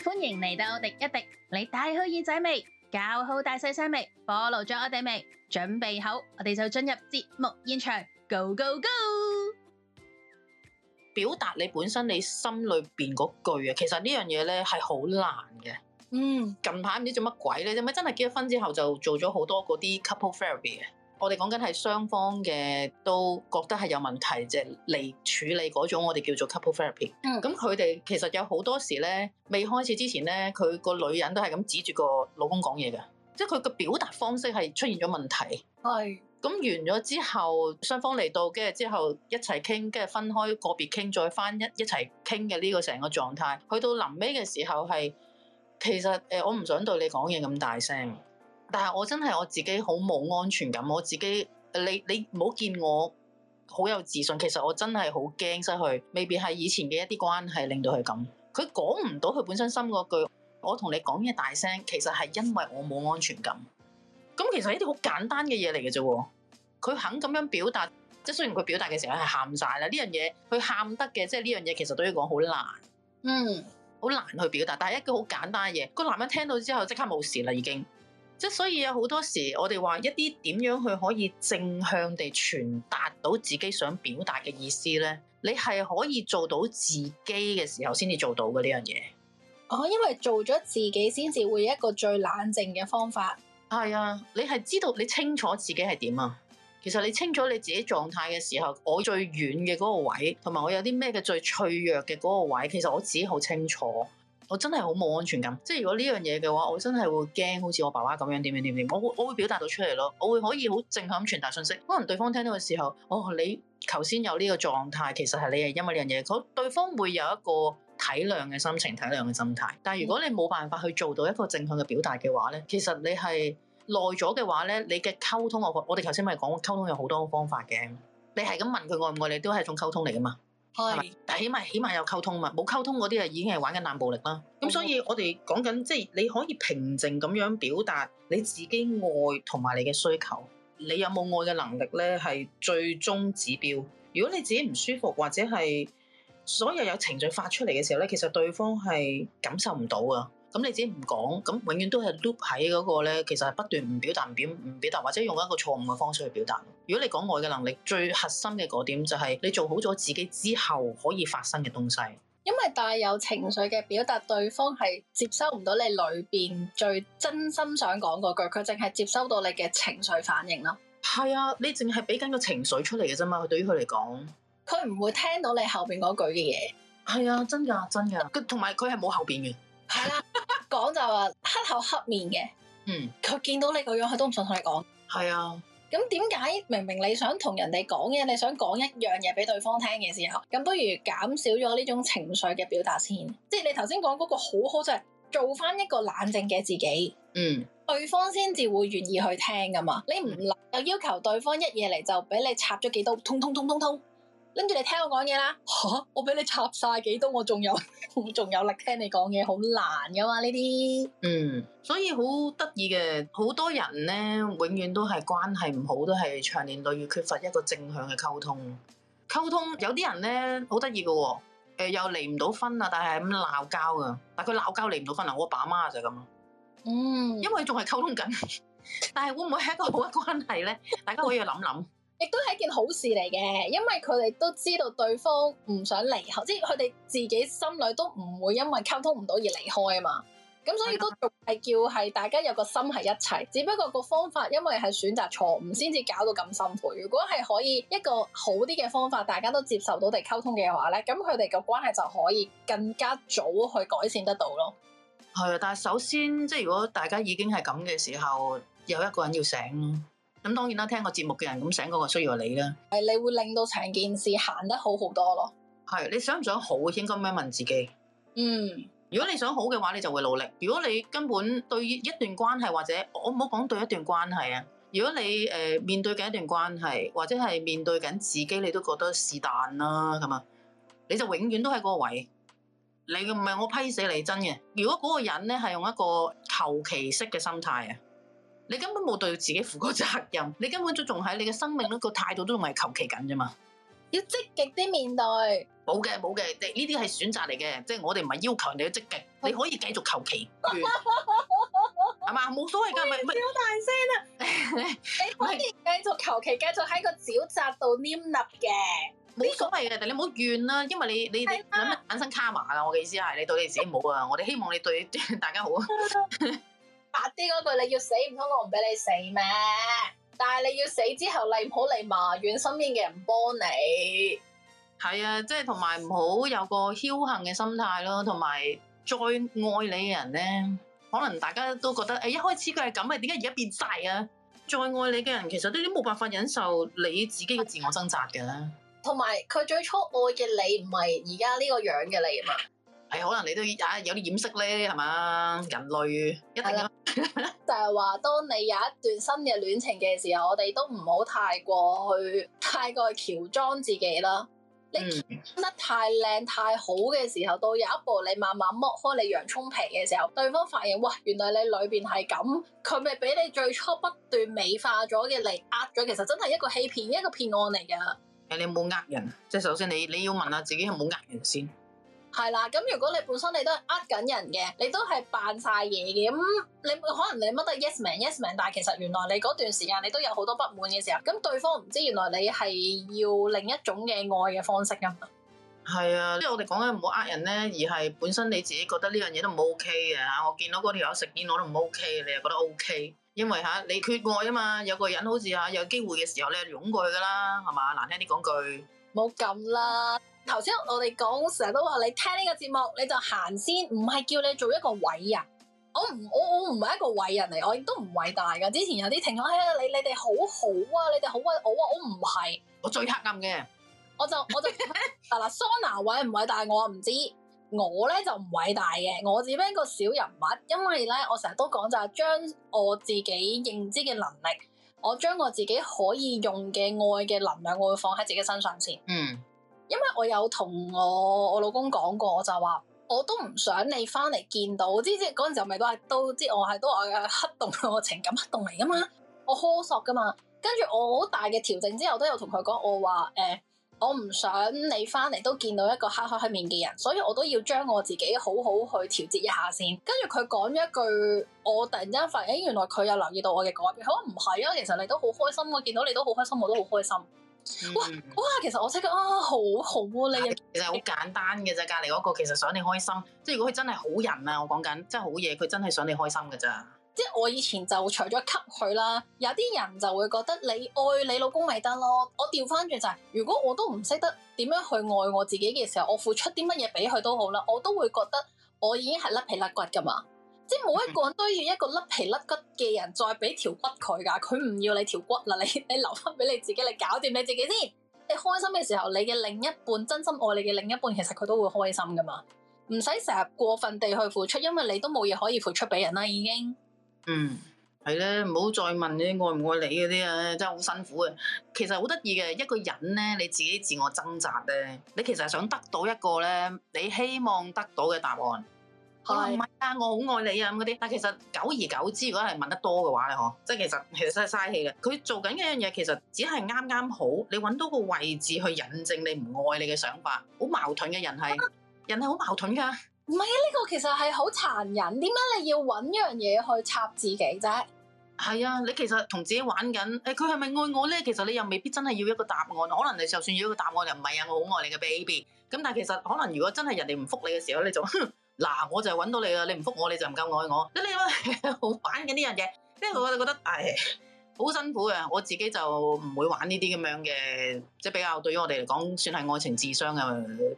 歡迎嚟到廸一廸，你帶好耳仔未？搞好大細聲未？Follow 咗我哋未？準備好，我哋就進入節目現場，Go Go Go！表達你本身你心裏邊嗰句啊，其實呢樣嘢咧係好難嘅。嗯，近排唔知做乜鬼咧，即咪真係結咗婚之後就做咗好多嗰啲 couple therapy 嘅。我哋講緊係雙方嘅都覺得係有問題，即係嚟、就係、處理嗰種我哋叫做 couple therapy。咁佢哋其實有好多時咧，未開始之前咧，佢個女人都係咁指住個老公講嘢嘅，即係佢嘅表達方式係出現咗問題。係是。咁完咗之後，雙方嚟到，跟住之後一齊傾，跟住分開個別傾，再翻一一齊傾嘅呢個成個狀態。去到臨尾嘅時候係，其實誒，我唔想對你講嘢咁大聲。但係我真係我自己好冇安全感，我自己你你唔好見我好有自信，其實我真係好驚失去，未必係以前嘅一啲關係令到佢咁。佢講唔到佢本身心嗰句，我同你講嘢大聲，其實係因為我冇安全感。咁其實一啲好簡單嘅嘢嚟嘅啫，佢肯咁樣表達，即係雖然佢表達嘅時候係喊晒啦，呢樣嘢佢喊得嘅，即係呢樣嘢其實都要講好難，嗯，好難去表達。但係一句好簡單嘅嘢，個男人聽到之後即刻冇事啦，已經。即所以有好多時，我哋話一啲點樣去可以正向地傳達到自己想表達嘅意思咧？你係可以做到自己嘅時候先至做到嘅呢樣嘢。哦，因為做咗自己先至會一個最冷靜嘅方法。係啊，你係知道你清楚自己係點啊？其實你清楚你自己狀態嘅時候，我最遠嘅嗰個位，同埋我有啲咩嘅最脆弱嘅嗰個位，其實我自己好清楚。我真係好冇安全感，即係如果呢樣嘢嘅話，我真係會驚，好似我爸爸咁樣點點點點，我會我會表達到出嚟咯，我會可以好正向咁傳達信息，可能對方聽到嘅時候，哦，你頭先有呢個狀態，其實係你係因為呢樣嘢，佢對方會有一個體諒嘅心情、體諒嘅心態。但係如果你冇辦法去做到一個正向嘅表達嘅話咧，其實你係耐咗嘅話咧，你嘅溝通我我哋頭先咪講溝通有好多方法嘅，你係咁問佢愛唔愛你，都係種溝通嚟噶嘛。但起碼起碼有溝通嘛，冇溝通嗰啲啊，已經係玩緊冷暴力啦。咁所以我哋講緊，即係你可以平靜咁樣表達你自己愛同埋你嘅需求，你有冇愛嘅能力咧，係最終指標。如果你自己唔舒服或者係所有有情緒發出嚟嘅時候咧，其實對方係感受唔到噶咁你自己唔講，咁永遠都係 loop 喺嗰個咧，其實係不斷唔表達、唔表唔表達，或者用一個錯誤嘅方式去表達。如果你講愛嘅能力，最核心嘅嗰點就係你做好咗自己之後可以發生嘅東西。因為帶有情緒嘅表達，對方係接收唔到你裏邊最真心想講嗰句，佢淨係接收到你嘅情緒反應咯。係啊，你淨係俾緊個情緒出嚟嘅啫嘛，對於佢嚟講，佢唔會聽到你後邊嗰句嘅嘢。係啊，真噶，真噶，佢同埋佢係冇後邊嘅。係啦，講 就話黑口黑面嘅，嗯，佢見到你個樣，佢都唔想同你講。係啊、嗯，咁點解明明你想同人哋講嘢，你想講一樣嘢俾對方聽嘅時候，咁不如減少咗呢種情緒嘅表達先。即係你頭先講嗰個好好就係、是、做翻一個冷靜嘅自己，嗯，對方先至會願意去聽噶嘛。你唔難又要求對方一夜嚟，就俾你插咗幾刀，通通通通通。拎住你聽我講嘢啦，我俾你插晒幾多，我仲有，仲 有力聽你講嘢，好難噶嘛呢啲。嗯，所以好得意嘅，好多人咧，永遠都係關係唔好，都係長年累月缺乏一個正向嘅溝通。溝通有啲人咧，好得意嘅，誒、呃、又離唔到婚啊，但係咁鬧交噶，但佢鬧交離唔到婚啊，我阿爸阿媽就係咁啊。嗯，因為仲係溝通緊，但係會唔會係一個好嘅關係咧？ 大家可以去諗諗。亦都係一件好事嚟嘅，因為佢哋都知道對方唔想離開，即係佢哋自己心裏都唔會因為溝通唔到而離開啊嘛。咁所以都仲係叫係大家有個心係一齊，只不過個方法因為係選擇錯誤，先至搞到咁辛苦。如果係可以一個好啲嘅方法，大家都接受到地溝通嘅話咧，咁佢哋嘅關係就可以更加早去改善得到咯。係啊，但係首先，即係如果大家已經係咁嘅時候，有一個人要醒咁當然啦，聽個節目嘅人咁醒嗰個需要你啦，係你會令到成件事行得好好多咯。係你想唔想好，應該咁樣問自己。嗯，如果你想好嘅話，你就會努力。如果你根本對一段關係，或者我唔好講對一段關係啊，如果你誒、呃、面對緊一段關係，或者係面對緊自己，你都覺得、啊、是但啦咁啊，你就永遠都喺嗰個位。你唔係我批死你真嘅。如果嗰個人咧係用一個求其式嘅心態啊。你根本冇對自己負過責任，你根本就仲喺你嘅生命呢個態度都唔係求其緊啫嘛！要積極啲面對。冇嘅，冇嘅，呢啲係選擇嚟嘅，即係我哋唔係要求人哋要積極，你可以繼續求其，係嘛， 冇所謂噶，咪小大聲啊！是你可以繼續求其，繼續喺個沼澤度黏立嘅，冇是所謂嘅，但你唔好怨啦，因為你你產生卡嘛，我嘅意思係你對你自己冇啊， 我哋希望你對大家好。 白啲嗰句，你要死唔通，我唔俾你死咩？但係你要死之後，你唔好嚟埋怨身邊嘅人幫你。係啊，即係同埋唔好有個僥倖嘅心態咯。同埋再愛你嘅人咧，可能大家都覺得誒、哎，一開始佢係咁，係點解而家變晒啊？再愛你嘅人，其實都都冇辦法忍受你自己嘅自我掙扎㗎。同埋佢最初愛嘅你，唔係而家呢個樣嘅你啊嘛。係、哎、可能你都啊有啲掩飾咧，係嘛？人類一定噶， 就係話當你有一段新嘅戀情嘅時候，我哋都唔好太過去太過去喬裝自己啦。你裝得太靚太好嘅時候，到有一步你慢慢剝開你洋蔥皮嘅時候，對方發現，哇，原來你裏邊係咁，佢咪俾你最初不斷美化咗嘅嚟呃咗。其實真係一個欺騙，一個騙案嚟噶。你冇呃人，即係首先你你要問下自己係冇呃人先。係啦，咁如果你本身你都係呃緊人嘅，你都係扮晒嘢嘅，咁你可能你乜都 yes man yes man，但係其實原來你嗰段時間你都有好多不滿嘅時候，咁對方唔知原來你係要另一種嘅愛嘅方式噶嘛？係啊，即係我哋講緊唔好呃人咧，而係本身你自己覺得呢樣嘢都唔 ok 嘅吓，我見到嗰條友食煙我都唔 ok，你又覺得 ok，因為吓你缺愛啊嘛，有個人好似吓有機會嘅時候咧，你係湧過去噶啦，係嘛，難聽啲講句，冇咁啦。頭先我哋講成日都話，你聽呢個節目你就行先，唔係叫你做一個偉人。我唔我我唔係一個偉人嚟，我亦都唔偉大噶。之前有啲聽友你你哋好好啊，你哋好偉我啊，我唔係，我最黑暗嘅。我就 Sonna, 會會我就嗱嗱，桑拿偉唔偉大我唔知，我咧就唔偉大嘅，我只不過一個小人物。因為咧我成日都講就係將我自己認知嘅能力，我將我自己可以用嘅愛嘅能量，我會放喺自己身上先。嗯。因為我有同我我老公講過，我就話我都唔想你翻嚟見到。我知知嗰陣時候，咪都係都知，我係都話我係黑洞，我情感黑洞嚟㗎嘛，我呵索㗎嘛。跟住我好大嘅調整之後，都有同佢講，我話誒、欸，我唔想你翻嚟都見到一個黑黑面嘅人，所以我都要將我自己好好去調節一下先。跟住佢講咗一句，我突然之間發現，原來佢有留意到我嘅改變。佢話唔係啊，其實你都好開心，我見到你都好開心，我都好開心。嗯、哇哇！其實我識得啊，好好啊你，其實好簡單嘅啫，隔離嗰個其實想你開心，即係如果佢真係好人啊，我講緊真係好嘢，佢真係想你開心㗎咋。即係我以前就除咗給佢啦，有啲人就會覺得你愛你老公咪得咯。我調翻轉就係、是，如果我都唔識得點樣去愛我自己嘅時候，我付出啲乜嘢俾佢都好啦，我都會覺得我已經係甩皮甩骨噶嘛。即係每一個人都要一個甩皮甩骨嘅人再俾條骨佢噶，佢唔要你條骨啦，你你留翻俾你自己你搞掂你自己先。你開心嘅時候，你嘅另一半真心愛你嘅另一半，其實佢都會開心噶嘛。唔使成日過分地去付出，因為你都冇嘢可以付出俾人啦，已經。嗯，係咧，唔好再問你愛唔愛你嗰啲啊，真係好辛苦啊。其實好得意嘅，一個人咧，你自己自我掙扎咧，你其實想得到一個咧，你希望得到嘅答案。可能唔係啊？我好愛你啊！咁嗰啲，但係其實久而久之，如果係問得多嘅話咧，嗬，即係其實其實真係嘥氣嘅。佢做緊一樣嘢，其實只係啱啱好，你揾到個位置去引證你唔愛你嘅想法，好矛盾嘅人係、啊、人係好矛盾噶。唔係啊，呢、這個其實係好殘忍。點解你要揾一樣嘢去插自己啫？係啊，你其實同自己玩緊。誒，佢係咪愛我咧？其實你又未必真係要一個答案。可能你就算要一個答案，又唔係啊！我好愛你嘅，baby。咁但係其實可能如果真係人哋唔覆你嘅時候你就 嗱，我就揾到你啦，你唔覆我，你就唔夠愛我。即係你好玩嘅呢樣嘢，即係我就覺得唉，好辛苦嘅。我自己就唔會玩呢啲咁樣嘅，即係比較對於我哋嚟講算係愛情智商嘅。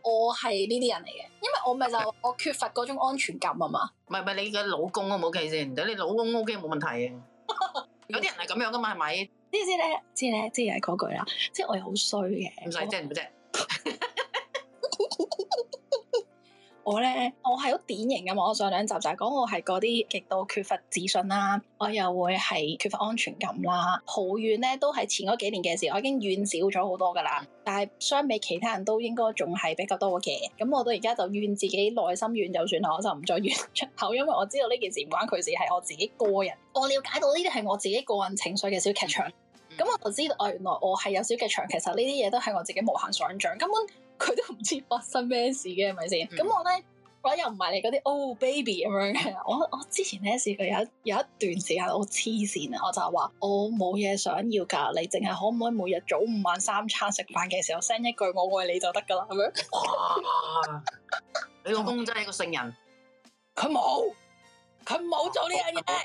我係呢啲人嚟嘅，因為我咪就我缺乏嗰種安全感啊嘛。唔係唔係，你嘅老公啊冇計先，等你老公 OK 冇問題啊。 有啲人係咁樣噶嘛，係咪？知知咧，知咧，即又係嗰句啦。用我即係我係好衰嘅。唔使即唔使。我咧，我係好典型嘅，我上兩集就係講我係嗰啲極度缺乏自信啦，我又會係缺乏安全感啦，抱怨咧都係前嗰幾年嘅事，我已經怨少咗好多噶啦。但係相比其他人都應該仲係比較多嘅，咁我到而家就怨自己內心怨就算啦，我就唔再怨出口，因為我知道呢件事唔關佢事，係我自己個人。我了解到呢啲係我自己個人情緒嘅小劇場，咁、嗯嗯、我就知道原來我我係有小劇場，其實呢啲嘢都係我自己無限想象，根本。佢都唔知發生咩事嘅係咪先？咁、嗯、我咧，我又唔係你嗰啲 oh baby 咁樣嘅。我我之前咧試過有一有一段時間我黐線啊，我就話我冇嘢想要㗎，你淨係可唔可以每日早午晚三餐食飯嘅時候 send 一句我愛你就得㗎啦，係咪？哇 你老公真係一個聖人，佢冇佢冇做、啊、呢樣嘢，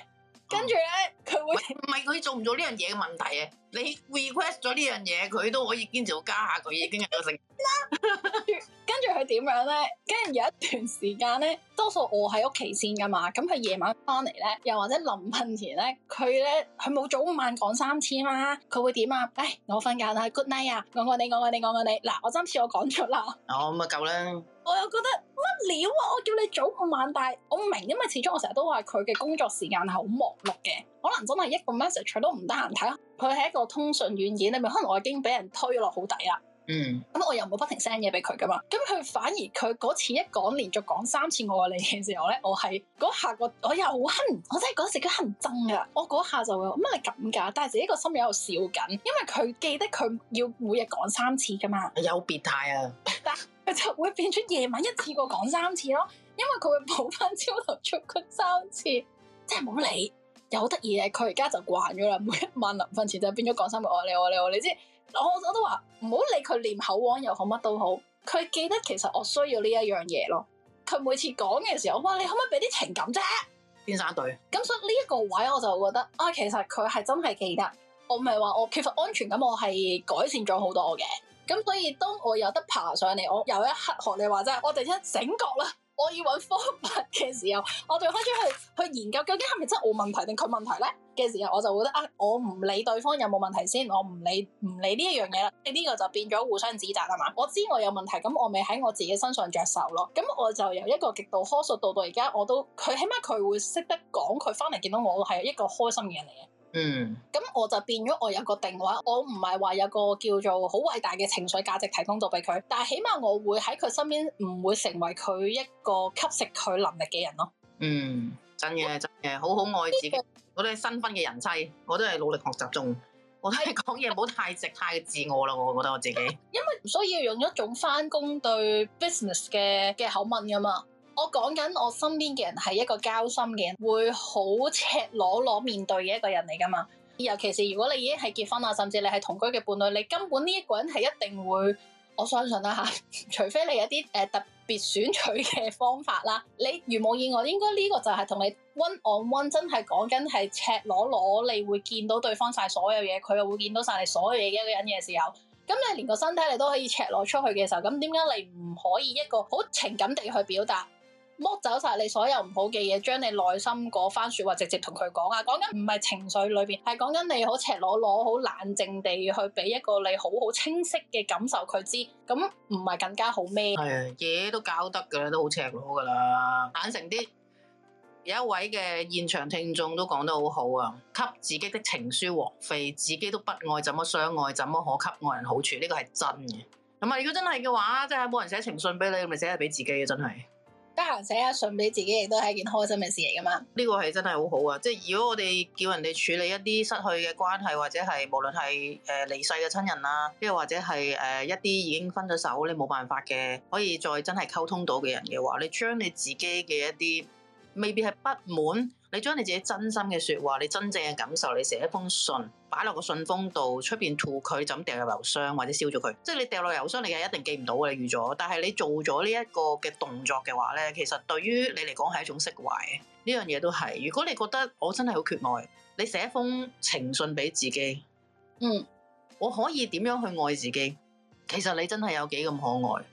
跟住咧。佢會唔係佢做唔做呢樣嘢嘅問題啊？你 request 咗呢樣嘢，佢都可以堅持到加下，佢已經入咗城。嗱 跟住佢點樣咧？跟住有一段時間咧，多數我喺屋企先噶嘛。咁佢夜晚翻嚟咧，又或者臨瞓前咧，佢咧佢冇早五晚講三次啊？佢會點啊？哎，我瞓覺啦，good night 啊！講講你講講你講講你嗱，我今次我講出啦，我咪夠啦。夠我又覺得乜料啊？我叫你早五晚，但係我唔明，因為始終我成日都話佢嘅工作時間係好忙碌嘅。可能真係一個 message 都唔得閒睇，佢係一個通訊軟件面，你咪可能我已經俾人推落好底啦。嗯，咁我又冇不停 send 嘢俾佢噶嘛，咁佢反而佢嗰次一講，連續講三次我話你嘅時候咧，我係嗰下個我，我又好恨，我真係嗰時佢恨憎噶，我嗰下就會咁係咁噶，但係自己個心又笑緊，因為佢記得佢要每日講三次噶嘛，有別態啊， 但佢就會變出夜晚一次過講三次咯，因為佢會補翻朝頭出佢三次，真係冇理。有得意嘅，佢而家就慣咗啦。每一晚臨瞓前就變咗講三句我愛你，你，你，你，我愛你，我你知。我我都話唔好理佢念口簧又好乜都好，佢記得其實我需要呢一樣嘢咯。佢每次講嘅時候，哇，你可唔可以俾啲情感啫？天生一對。咁、嗯、所以呢一個位我就覺得，啊，其實佢係真係記得。我唔係話我缺乏安全感，我係改善咗好多嘅。咁、嗯、所以當我有得爬上嚟，我有一刻學你話齋，我突然間醒覺啦。我要揾方法嘅時候，我就開始去去研究究竟係咪真係我問題定佢問題咧嘅時候，我就會覺得啊，我唔理對方有冇問題先，我唔理唔理呢一樣嘢啦。呢個就變咗互相指責啊嘛！我知我有問題，咁我咪喺我自己身上着手咯。咁我就由一個極度苛索到到而家，我都佢起碼佢會識得講，佢翻嚟見到我係一個開心嘅人嚟嘅。嗯，咁我就變咗我有個定位，我唔係話有個叫做好偉大嘅情緒價值提供到俾佢，但係起碼我會喺佢身邊，唔會成為佢一個吸食佢能力嘅人咯，啊。嗯，真嘅真嘅，好好愛自己。啊、我都係新婚嘅人妻，我都係努力學習中，我都係講嘢唔好太直 太自我啦。我我覺得我自己，因為唔需要用一種翻工，對 business 嘅嘅口吻㗎嘛。我講緊我身邊嘅人係一個交心嘅人，會好赤裸裸面對嘅一個人嚟㗎嘛？尤其是如果你已經係結婚啦，甚至你係同居嘅伴侶，你根本呢一個人係一定會我相信啦、啊、嚇。除非你有一啲誒、呃、特別選取嘅方法啦，你如無意外，應該呢個就係同你 one on one 真係講緊係赤裸裸，你會見到對方晒所有嘢，佢又會見到晒你所有嘢嘅一個人嘅時候，咁你連個身體你都可以赤裸出去嘅時候，咁點解你唔可以一個好情感地去表達？剝走晒你所有唔好嘅嘢，將你內心嗰番說話直接同佢講啊。講緊唔係情緒裏邊，係講緊你好赤裸裸、好冷靜地去俾一個你好好清晰嘅感受佢知。咁唔係更加好咩？係嘢、哎、都搞得噶啦，都好赤裸噶啦，坦誠啲。有一位嘅現場聽眾都講得好好啊，給自己的情書浪費自己都不愛，怎麼相愛？怎麼可給愛人好處？呢、這個係真嘅。咁啊，如果真係嘅話，即係冇人寫情信俾你，咪寫嚟俾自己嘅，真係。得閒寫一信俾自己亦都係一件開心嘅事嚟噶嘛？呢 個係真係好好啊！即係如果我哋叫人哋處理一啲失去嘅關係，或者係無論係誒離世嘅親人啦，即係或者係誒、呃、一啲已經分咗手你冇辦法嘅，可以再真係溝通到嘅人嘅話，你將你自己嘅一啲，未必係不滿。你將你自己真心嘅説話，你真正嘅感受，你寫一封信擺落個信封度，出邊吐佢就咁掉入郵箱或者燒咗佢。即係你掉落郵箱，你係一定記唔到嘅，你預咗。但係你做咗呢一個嘅動作嘅話咧，其實對於你嚟講係一種釋懷。呢樣嘢都係。如果你覺得我真係好缺愛，你寫一封情信俾自己。嗯，我可以點樣去愛自己？其實你真係有幾咁可愛。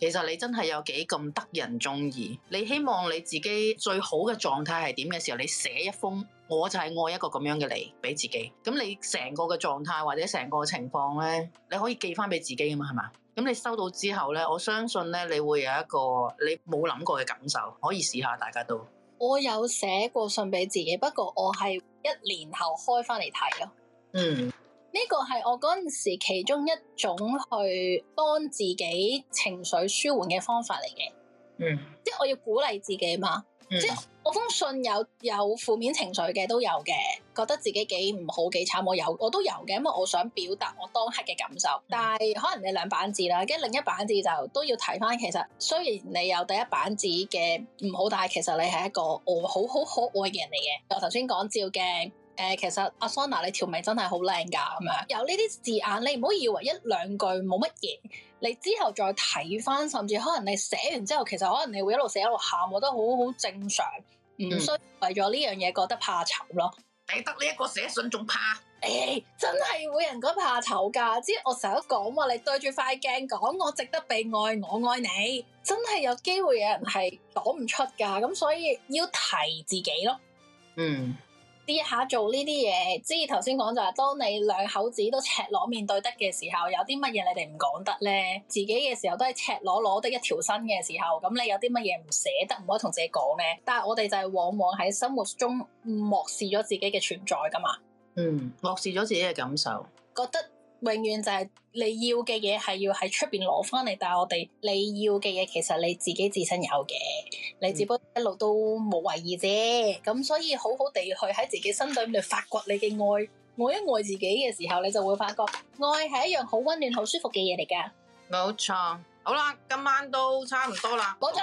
其實你真係有幾咁得人中意？你希望你自己最好嘅狀態係點嘅時候，你寫一封，我就係愛一個咁樣嘅你，俾自己。咁你成個嘅狀態或者成個情況咧，你可以寄翻俾自己啊嘛，係嘛？咁你收到之後咧，我相信咧，你會有一個你冇諗過嘅感受，可以試下，大家都。我有寫過信俾自己，不過我係一年後開翻嚟睇咯。嗯。呢個係我嗰陣時其中一種去幫自己情緒舒緩嘅方法嚟嘅，嗯，即係我要鼓勵自己嘛，嗯、即係我封信有有負面情緒嘅都有嘅，覺得自己幾唔好幾慘，我有我都有嘅，因為我想表達我當刻嘅感受，嗯、但係可能你兩版字啦，跟住另一版字就都要睇翻，其實雖然你有第一版字嘅唔好，但係其實你係一個我好好可愛嘅人嚟嘅，我頭先講照鏡。誒、呃，其實阿桑 a 你條眉真係好靚噶咁樣有呢啲字眼，你唔好以為一兩句冇乜嘢，你之後再睇翻，甚至可能你寫完之後，其實可能你會一路寫一路喊，我覺得好好正常，唔需、嗯、為咗呢樣嘢覺得怕醜咯。你得呢一個寫信仲怕？誒、哎，真係每人覺得怕醜噶。即我成日都講話，你對住塊鏡講，我值得被愛，我愛你，真係有機會有人係講唔出噶。咁所以要提自己咯，嗯。呢下做呢啲嘢，即係頭先講就係，當你兩口子都赤裸面對得嘅時候，有啲乜嘢你哋唔講得咧？自己嘅時候都係赤裸裸得一條身嘅時候，咁你有啲乜嘢唔捨得唔可以同自己講咧？但係我哋就係往往喺生活中漠視咗自己嘅存在噶嘛，嗯，漠視咗自己嘅感受，覺得。永遠就係你要嘅嘢係要喺出邊攞翻嚟，但係我哋你要嘅嘢其實你自己自身有嘅，你只不過一路都冇懷疑啫。咁、嗯、所以好好地去喺自己身體裡面發掘你嘅愛，愛一愛自己嘅時候，你就會發覺愛係一樣好溫暖、好舒服嘅嘢嚟㗎。冇錯。好啦，今晚都差唔多啦。冇錯。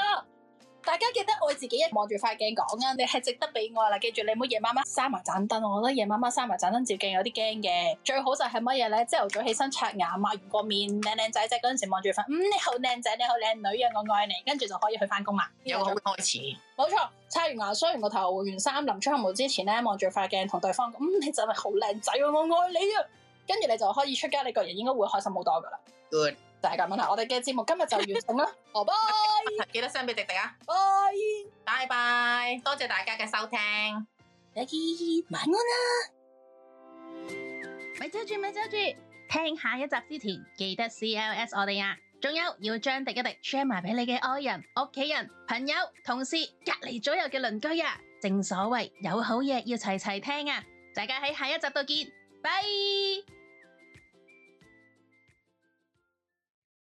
大家記得愛自己，望住塊鏡講啊！你係值得被我啦，記住你唔好夜媽媽閂埋盞燈，我覺得夜媽媽閂埋盞燈照鏡有啲驚嘅。最好就係乜嘢咧？朝頭早起身刷牙，抹完個面靚靚仔仔嗰陣時望住塊，嗯，你好靚仔，你好靚女，我愛你，跟住就可以去翻工啦。有個好開始。冇錯，刷完牙梳完個頭換完衫，臨出門之前咧，望住塊鏡同對方，嗯，你就係好靚仔啊，我愛你啊，跟住你就可以出街，你個人應該會開心好多噶啦。Good，就係咁樣啦。我哋嘅節目今日就完成啦，Bye bye。記得聲俾迪迪啊？拜拜拜，多謝大家嘅收聽，再見，晚安啦！咪走住咪走住，聽下一集之前記得 CLS 我哋啊，仲有，要將迪一迪 share 埋俾你嘅愛人、屋企人、朋友、同事、隔籬左右嘅鄰居啊！正所謂有好嘢，要齊齊聽啊！大家喺下一集度見，拜。